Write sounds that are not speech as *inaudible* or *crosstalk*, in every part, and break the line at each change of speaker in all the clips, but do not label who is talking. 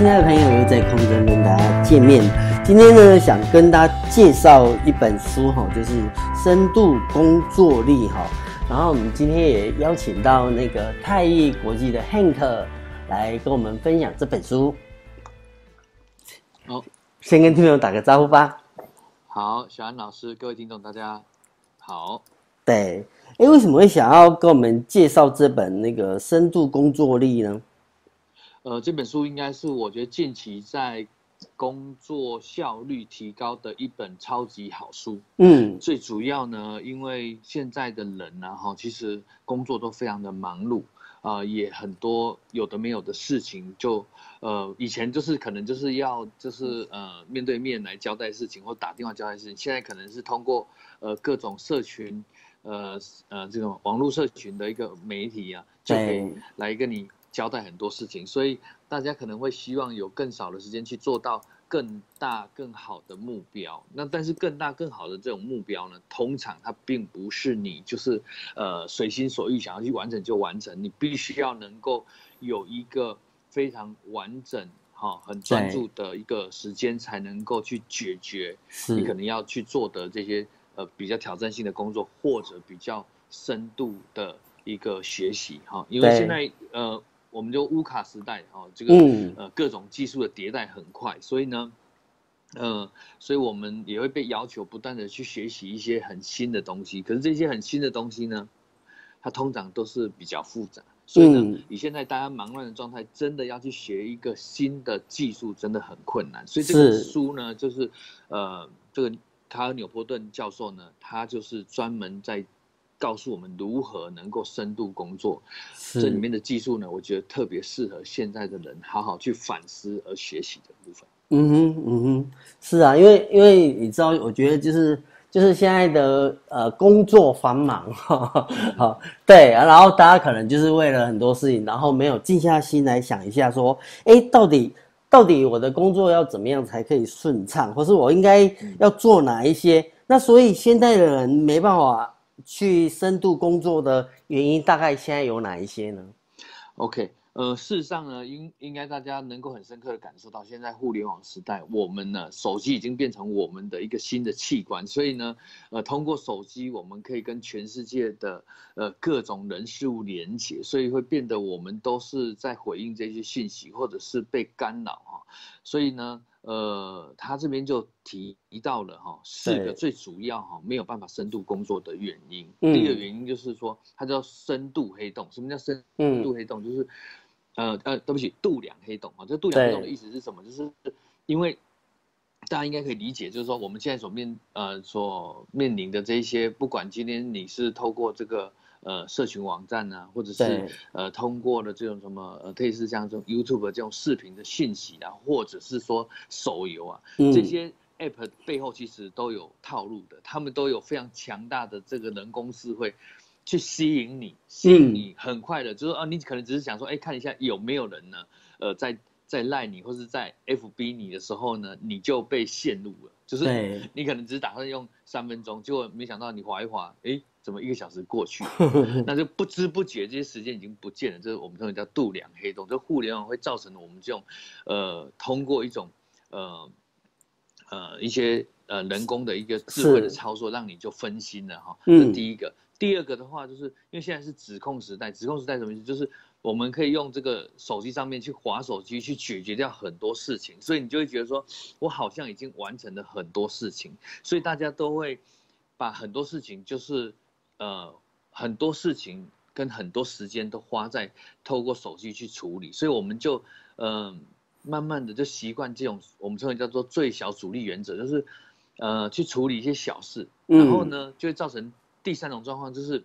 親愛的朋友又在空中跟大家見面，今天呢，想跟大家介紹一本書哈，就是《深度工作力》哈。然後我們今天也邀請到那個泰益國際的 Hank 來跟我們分享這本書。
好、
哦，先跟聽眾打個招呼吧。
好，小安老師，各位聽眾，大家好。
對，誒，為什麼會想要跟我們介紹這本那個《深度工作力》呢？
呃，這本書應該是我覺得近期在工作效率提高的一本超級好書。嗯，最主要呢，因為現在的人呢，哈，其實工作都非常的忙碌，啊、呃，也很多有的沒有的事情，就呃，以前就是可能就是要就是呃，面對面來交代事情或打電話交代事情，現在可能是通過呃各種社群，呃呃這種網絡社群的一個媒體呀、啊，就可以來跟你交代很多事情，所以大家可能會希望有更少的時間去做到更大、更好的目標。那但是更大、更好的這種目標呢，通常它並不是你就是呃隨心所欲想要去完成就完成。你必須要能夠有一個非常完整、哈很專注的一個時間，才能夠去解決你可能要去做的這些呃比較挑戰性的工作，或者比較深度的一個學習哈。因為現在呃。我們就烏卡時代哦、啊，這個呃各種技術的迭代很快，所以呢，呃，所以我們也會被要求不斷的去學習一些很新的東西。可是這些很新的東西呢，它通常都是比較複雜，
所以呢，你
現在大家忙亂的狀態，真的要去學一個新的技術真的很困難。所以這個書呢，就是呃，這個卡爾·紐波頓教授呢，他就是專門在。告訴我們如何能夠深度工作，這裡面的技術呢，我覺得特別適合現在的人好好去反思而學習的部
分。嗯哼，嗯哼，是啊，因為因為你知道，我覺得就是就是現在的呃工作繁忙，好對、啊，然後大家可能就是為了很多事情，然後沒有靜下心來想一下說，哎，到底到底我的工作要怎麼樣才可以順暢，或是我應該要做哪一些？嗯、那所以現在的人沒辦法。去深度工作的原因大概現在有哪一些呢？OK，呃，事
實上呢，應應該大家能夠很深刻的感受到，現在互聯網時代，我們呢，手機已經變成我們的一個新的器官，所以呢，呃，通過手機，我們可以跟全世界的呃各種人事物連接，所以會變得我們都是在回應這些信息，或者是被干擾哈啊，所以呢。呃，他這邊就提到了哈四個最主要哈沒有辦法深度工作的原因。對第一個原因就是說，他、嗯、叫深度黑洞。什麼叫深度黑洞？嗯、就是呃呃，對不起，度量黑洞啊、哦。這度量黑洞的意思是什麼？對就是因為大家應該可以理解，就是說我們現在所面呃所面臨的這一些，不管今天你是透過這個。呃，社群網站啊，或者是呃，通過的這種什麼，類似像這種 YouTube 這種視頻的信息啊，或者是說手遊啊，這些 App 背後其實都有套路的，他們都有非常強大的這個人工智慧去吸引你，吸引你很快的，就是說啊，你可能只是想說，哎，看一下有沒有人呢，呃，在。在賴你或是在 F B 你的時候呢，你就被陷入了，就是你可能只是打算用三分鐘，對結果沒想到你滑一滑，哎、欸，怎麼一個小時過去了？ *laughs* 那就不知不覺這些時間已經不見了，這是我們稱為叫度量黑洞。就互聯網會造成我們這種呃，通過一種呃呃一些呃人工的一個智慧的操作，讓你就分心了哈。這是第一個，嗯、第二個的話，就是因為現在是指控時代，指控時代什麼意思？就是。我們可以用這個手機上面去滑手機去解決掉很多事情，所以你就會覺得說我好像已經完成了很多事情，所以大家都會把很多事情就是呃很多事情跟很多時間都花在透過手機去處理，所以我們就呃慢慢的就習慣這種我們稱為叫做最小阻力原則，就是呃去處理一些小事，然後呢就會造成第三種狀況就是。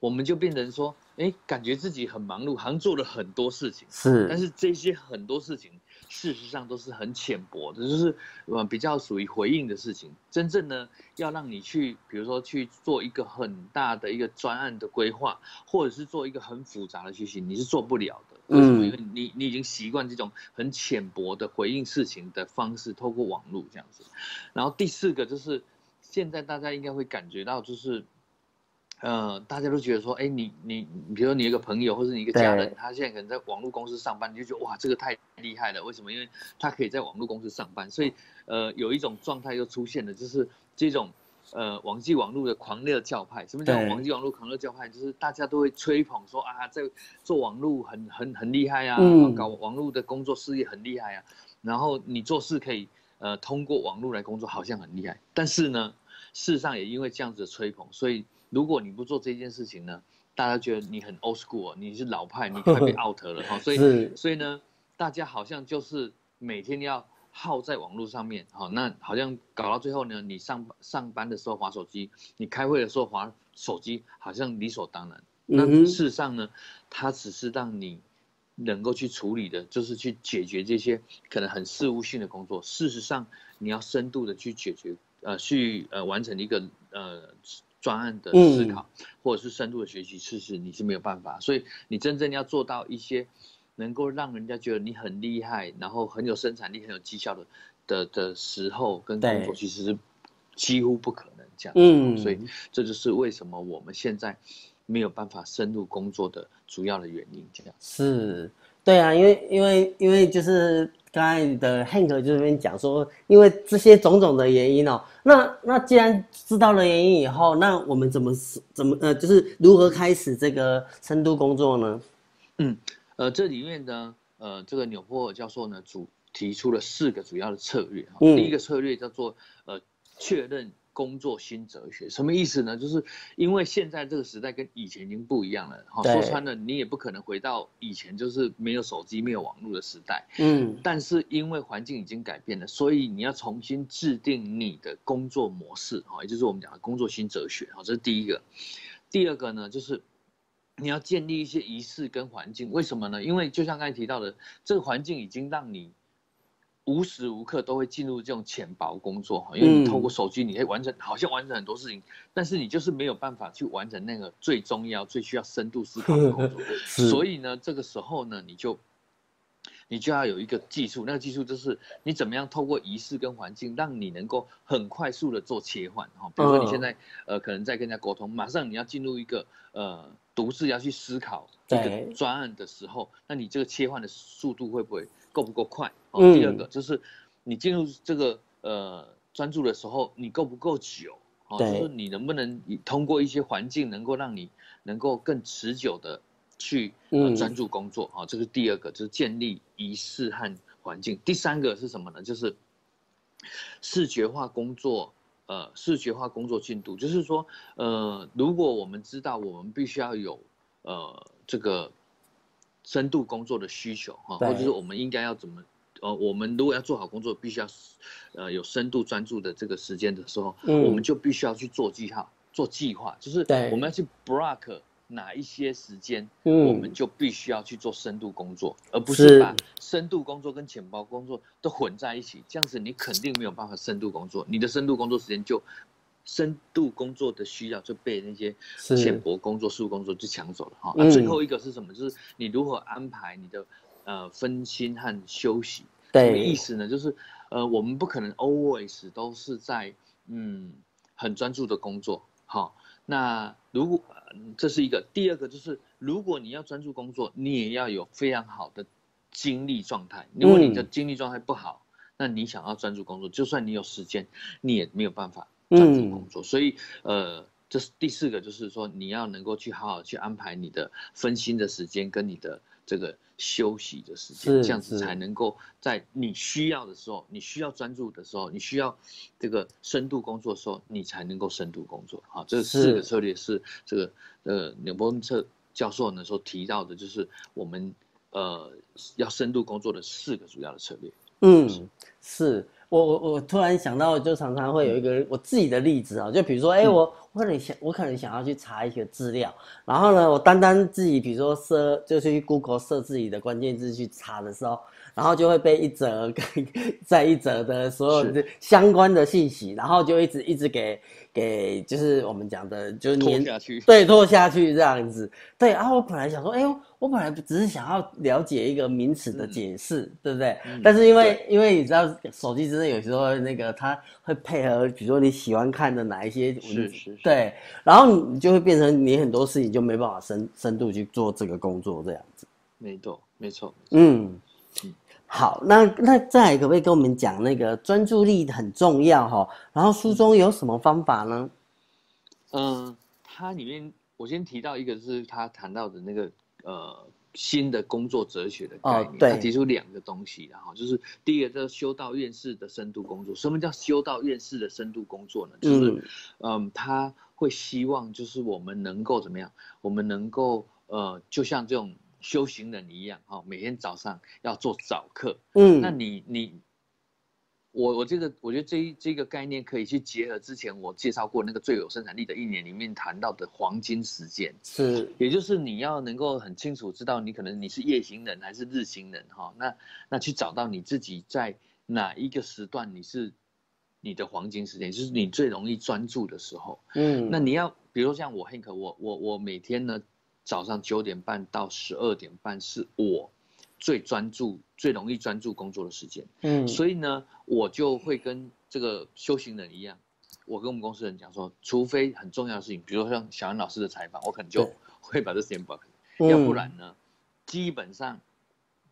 我們就變成說，欸，感覺自己很忙碌，好像做了很多事情。是，但是這些很多事情，事實上都是很淺薄的，就是呃比較屬於回應的事情。真正呢，要讓你去，比如說去做一個很大的一個專案的規劃，或者是做一個很複雜的事情，你是做不了的。為什麼？嗯，因為你你已經習慣這種很淺薄的回應事情的方式，透過網絡這樣子。然後第四個就是，現在大家應該會感覺到就是。呃大家都覺得說，哎、欸，你你，比如說你一個朋友或者你一個家人，對他現在可能在網絡公司上班，你就覺得哇，這個太厲害了。為什麼？因為他可以在網絡公司上班，所以呃，有一種狀態又出現了，就是這種呃網際網絡的狂熱教派。什麼叫網際網絡狂熱教派？對就是大家都會吹捧說啊，在做網絡很很很厲害啊，搞網絡的工作事業很厲害啊。嗯、然後你做事可以呃通過網絡來工作，好像很厲害。但是呢，事實上也因為這樣子的吹捧，所以。如果你不做這件事情呢，大家覺得你很 old school，哦、你是老派，你快被 out 了哈呵。所以，是所以呢，大家好像就是每天要耗在網絡上面哈。那好像搞到最後呢，你上上班的時候滑手機，你開會的時候滑手機，好像理所當然。那事實上呢，嗯、哼它只是讓你能夠去處理的，就是去解決這些可能很事務性的工作。事實上，你要深度的去解決，呃，去呃，完成一個呃。專案的思考，或者是深度的學習，其、嗯、實你是沒有辦法。所以你真正要做到一些能夠讓人家覺得你很厲害，然後很有生產力、很有績效的的的時候，跟工作其實是幾乎不可能這樣子。嗯，所以這就是為什麼我們現在沒有辦法深入工作的主要的原因。
這樣子是。對啊，因為因為因為就是剛才你的 Hank 就這邊講說，因為這些種種的原因哦，那那既然知道了原因以後，那我們怎麼怎麼呃，就是如何開始這個深度工作呢？嗯，
呃，這裡面呢呃，這個紐波爾教授呢，主提出了四個主要的策略，啊，第一個策略叫做呃，確認。工作新哲學什麼意思呢？就是因為現在這個時代跟以前已經不一樣了哈。說穿了，你也不可能回到以前，就是沒有手機、沒有網絡的時代。嗯。但是因為環境已經改變了，所以你要重新制定你的工作模式哈，也就是我們講的工作新哲學哈，這是第一個。第二個呢，就是你要建立一些儀式跟環境。為什麼呢？因為就像剛才提到的，這個環境已經讓你。無時無刻都會進入這種淺薄工作，哈，因為你透過手機，你可以完成，嗯、好像完成很多事情，但是你就是沒有辦法去完成那個最重要、最需要深度思考的工作。呵呵，所以呢，這個時候呢，你就，你就要有一個技術，那個技術就是你怎麼樣透過儀式跟環境，讓你能夠很快速的做切換，哈，比如說你現在、哦、呃可能在跟人家溝通，馬上你要進入一個呃。獨自要去思考這個專案的時候，對那你這個切換的速度會不會夠不夠快，嗯哦？第二個就是你進入這個呃專注的時候，你夠不夠久？哦、對，就是你能不能通過一些環境，能夠讓你能夠更持久的去專、嗯、呃、注工作啊，哦？這是第二個，就是建立儀式和環境。第三個是什麼呢？就是視覺化工作。呃，視覺化工作進度，就是說，呃，如果我們知道我們必須要有，呃，這個深度工作的需求哈，啊、對 或者是我們應該要怎麼，呃，我們如果要做好工作，必須要，呃，有深度專注的這個時間的時候，嗯、我們就必須要去做計劃，對 做計劃，就是我們要去 block 哪一些時間，嗯，我們就必須要去做深度工作，是而不是把深度工作跟淺薄工作都混在一起，這樣子你肯定沒有辦法深度工作，你的深度工作時間就深度工作的需要就被那些淺薄工作，是事務工作就搶走了哈。那、嗯啊、最後一個是什麼？就是你如何安排你的呃分心和休息？對什麼意思呢？就是呃，我們不可能 always 都是在嗯很專注的工作，好那。如果這是一個，第二個就是，如果你要專注工作，你也要有非常好的精力狀態。如果你的精力狀態不好，那你想要專注工作，就算你有時間，你也沒有辦法
專注工
作。所以，呃，這是第四個，就是說你要能夠去好好去安排你的分心的時間跟你的。這個休息的時間，這樣子才能夠在你需要的時候，你需要專注的時候，你需要這個深度工作的時候，你才能夠深度工作。好，這四個策略是這個呃紐波特教授那時候提到的，就是我們呃要深度工作的四個主要的策略。嗯，
是我我我突然想到，就常常會有一個我自己的例子啊，就比如說，哎、欸、我。嗯或者你想，我可能想要去查一些資料，然後呢，我單單自己，比如說設，就是去 Google 設自己的關鍵字去查的時候，然後就會被一則跟在一則的所有相關的信息，是然後就一直一直給給，就是我們講的，就是拖下去，對，拖下去這樣子。對啊，我本來想說，哎、欸、呦，我本來只是想要了解一個名詞的解釋，嗯、對不對？嗯、但是因為對因為你知道，手機真的有時候那個它會配合，比如說你喜歡看的哪一些，文字。對，然後你就會變成你很多事情就沒辦法深深度去做這個工作這樣子，
沒，沒錯，沒錯，嗯，
嗯，好，那那再來可不可以跟我們講那個專注力很重要哈、哦？然後書中有什麼方法呢？嗯、
呃，它裡面我先提到一個就是他談到的那個呃。新的工作哲學的概念，他提出兩個東西，然後就是第一個叫修道院式的深度工作。什麼叫修道院式的深度工作呢？嗯、就是，嗯，他會希望就是我們能夠怎麼樣？我們能夠呃，就像這種修行人一樣，哈，每天早上要做早課。嗯，那你你。我我這個我覺得這一這個概念可以去結合之前我介紹過那個最有生產力的一年裡面談到的黃金時間，
是，
也就是你要能夠很清楚知道你可能你是夜行人還是日行人哈，那那去找到你自己在哪一個時段你是你的黃金時間，就是你最容易專注的時候。嗯，那你要比如說像我 Hank 我我我每天呢早上九點半到十二點半是我，最專注、最容易專注工作的時間，嗯，所以呢，我就會跟這個修行人一樣，我跟我們公司人講說，除非很重要的事情，比如說像小安老師的採訪，我可能就會把這時間撥，
對要不然
呢，嗯、基本上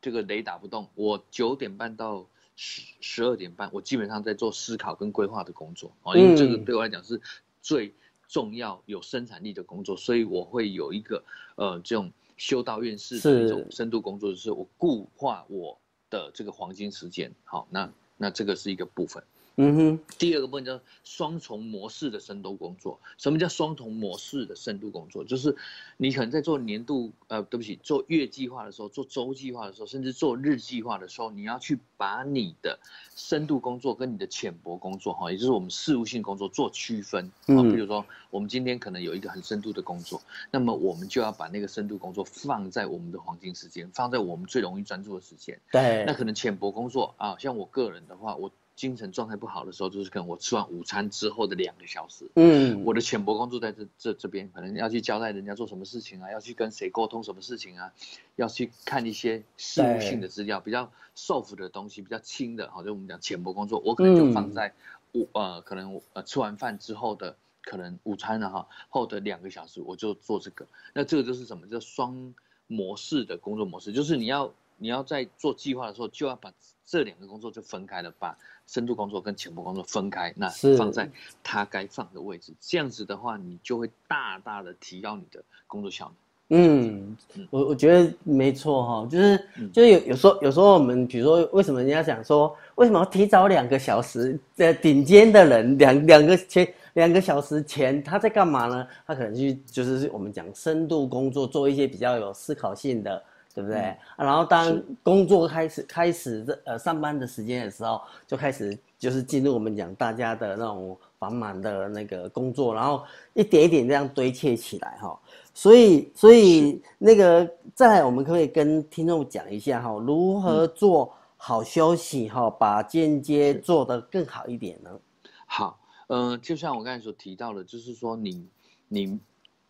這個雷打不動。我九點半到十十二點半，我基本上在做思考跟規劃的工作哦，嗯、因為這個對我來講是最重要、有生產力的工作，所以我會有一個呃這種。修道院式的一種深度工作，是，是我固化我的這個黃金時間。好，那那這個是一個部分。嗯哼，第二個部分叫雙重模式的深度工作。什麼叫雙重模式的深度工作？就是你可能在做年度呃，對不起，做月計劃的時候，做周計劃的時候，甚至做日計劃的時候，你要去把你的深度工作跟你的淺薄工作哈，也就是我們事務性工作做區分嗯。比如說，我們今天可能有一個很深度的工作，那麼我們就要把那個深度工作放在我們的黃金時間，放在我們最容易專注的時間。對，那可能淺薄工作啊，像我個人的話，我。精神狀態不好的時候，就是可能我吃完午餐之後的兩個小時，嗯，我的淺薄工作在這這這邊，可能要去交代人家做什麼事情啊，要去跟誰溝通什麼事情啊，要去看一些事務性的資料，對比較 soft 的東西，比較輕的，哈，就我們講淺薄工作，我可能就放在午、嗯、呃，可能呃吃完飯之後的可能午餐了、啊。哈後的兩個小時，我就做這個。那這個就是什麼？叫雙模式的工作模式，就是你要你要在做計劃的時候，就要把。這兩個工作就分開了，把深度工作跟淺薄工作分開，那放在他該放的位置，是這樣子的話，你就會大大的提高你的工作效率，嗯。
嗯，我我覺得沒錯哈、哦，就是就是有有時候有時候我們比如說為什麼人家講說，為什麼要提早兩個小時？在頂尖的人兩兩個前兩個小時前他在幹嘛呢？他可能去就是我們講深度工作，做一些比較有思考性的。對不對、啊？然後當工作開始是開始的呃上班的時間的時候，就開始就是進入我們講大家的那種繁忙的那個工作，然後一點一點這樣堆砌起來哈、哦。所以所以是那個再來我們可不可以跟聽眾講一下哈、哦，如何做好休息哈、哦，把間接做得更好一點呢？嗯、好，嗯、
呃，就像我剛才所提到的，就是說你你。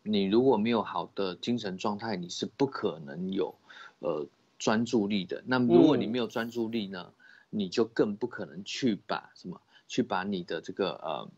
你如果沒有好的精神狀態，你是不可能有，呃，專注力的。那如果你沒有專注力呢，你就更不可能去把什麼，去把你的這個呃，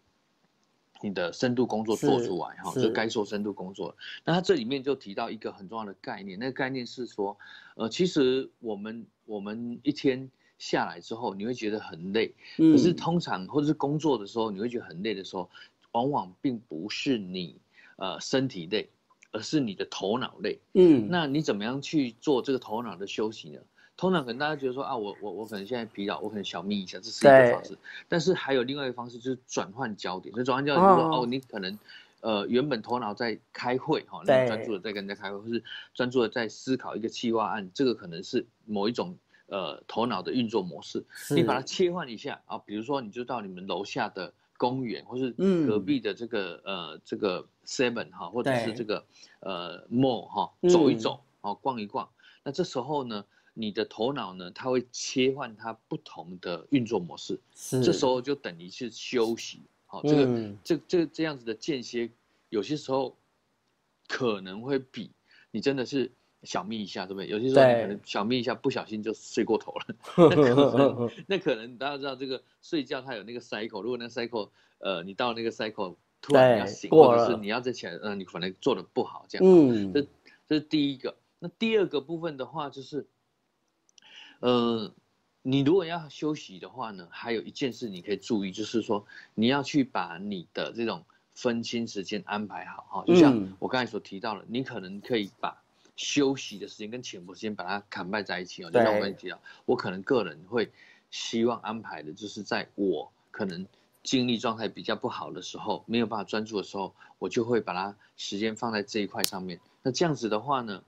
你的深度工作做出來哈。就該做深度工作。那它這裡面就提到一個很重要的概念，那個概念是說，呃，其實我們我們一天下來之後，你會覺得很累。嗯。可是通常或者是工作的時候，你會覺得很累的時候，往往並不是你。呃，身體累，而是你的頭腦累。嗯，那你怎麼樣去做這個頭腦的休息呢？頭腦可能大家覺得說啊，我我我可能現在疲勞，我可能小眯一下，這是一個方式。對但是還有另外一個方式，就是轉換焦點。所以轉換焦點就是說，哦，哦，你可能呃原本頭腦在開會哈，專注的在跟人家開會，對或是專注的在思考一個企劃案，這個可能是某一種呃頭腦的運作模式。是你把它切換一下啊，比如說你就到你們樓下的。公園，或是隔壁的這個、嗯、呃，這個 Seven 哈，或者是這個對呃 mall 哈，走一走啊，嗯、逛一逛。那這時候呢，你的頭腦呢，它會切換它不同的運作模式。是。這時候就等於是休息。好是、哦，這個、嗯、這這這樣子的間歇，有些時候可能會比你真的是。小眯一下，對不對？有些時候你可能小眯一下，對不小心就睡過頭了。 *laughs* 那可能，那可能，大家知道這個睡覺它有那個 cycle。如果那個 cycle，呃，你到那個 cycle
突然你要醒，或者是你
要再起來、呃，你可能做得不好，這樣。嗯、這是這是第一個。那第二個部分的話，就是，呃，你如果要休息的話呢，還有一件事你可以注意，就是說你要去把你的這種分心時間安排好哈、哦。就像我剛才所提到的，你可能可以把。休息的時間跟淺薄時間把它砍敗在一起哦，對 就像我跟你提，我可能個人會希望安排的就是在我可能精力狀態比較不好的時候，沒有辦法專注的時候，我就會把它時間放在這一塊上面。那這樣子的話呢，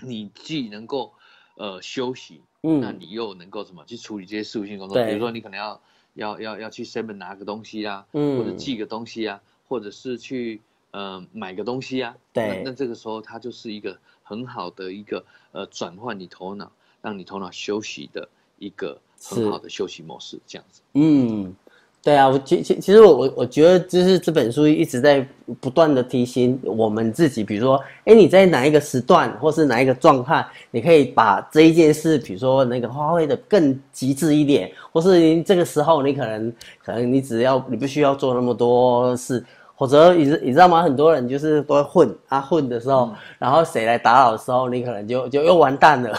你既能夠呃休息，嗯、那你又能夠什麼去處理這些事務性工作，對 比如說你可能要要要要去 seven 拿個東西啊，或者寄個東西啊，或者是去。呃，買個東西啊，對，那這個時候它就是一個很好的一個呃轉換你頭腦，讓你頭腦休息的一個很好的休息模式，
這樣子。嗯，對啊，我其其其實我我我覺得就是這本書一直在不斷的提醒我們自己，比如說，哎、欸，你在哪一個時段，或是哪一個狀態，你可以把這一件事，比如說那個發揮的更極致一點，或是你這個時候你可能可能你只要你不需要做那麼多事。否則，你知你知道嗎？很多人就是都會混，啊，混的時候，嗯、然後誰來打擾的時候，你可能就就又完蛋了。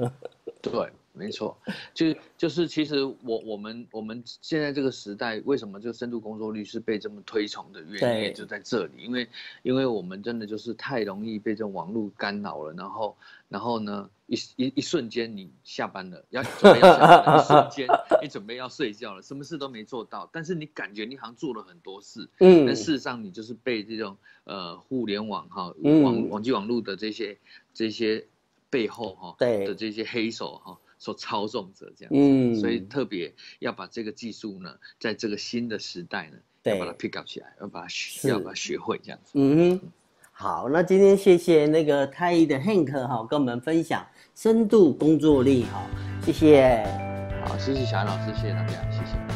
*laughs* 對。沒
錯，就是就是，其實我我們我們現在這個時代，為什麼就深度工作力是被這麼推崇的原因對 就在這裡，因為因為我們真的就是太容易被這種網絡干擾了，然後然後呢一一一瞬間你下班了，要準備要下班了 *laughs* 一瞬間，你準備要睡覺了，什麼事都沒做到，但是你感覺你好像做了很多事，嗯，但事實上你就是被這種呃互聯網哈、啊、網網際網絡的這些這些背後哈、啊、對的這些黑手哈、啊。所操縱者，這樣子，嗯，所以特別要把這個技術呢，在這個新的時代呢對，要把它 pick up 起來，要把它學是要把它學
會這樣子。嗯哼，好，那今天謝謝那個泰醫的 Hank 哈、哦，跟我們分享深度工作力哈、哦，謝謝。好，謝謝小安老師，謝謝大家，謝謝。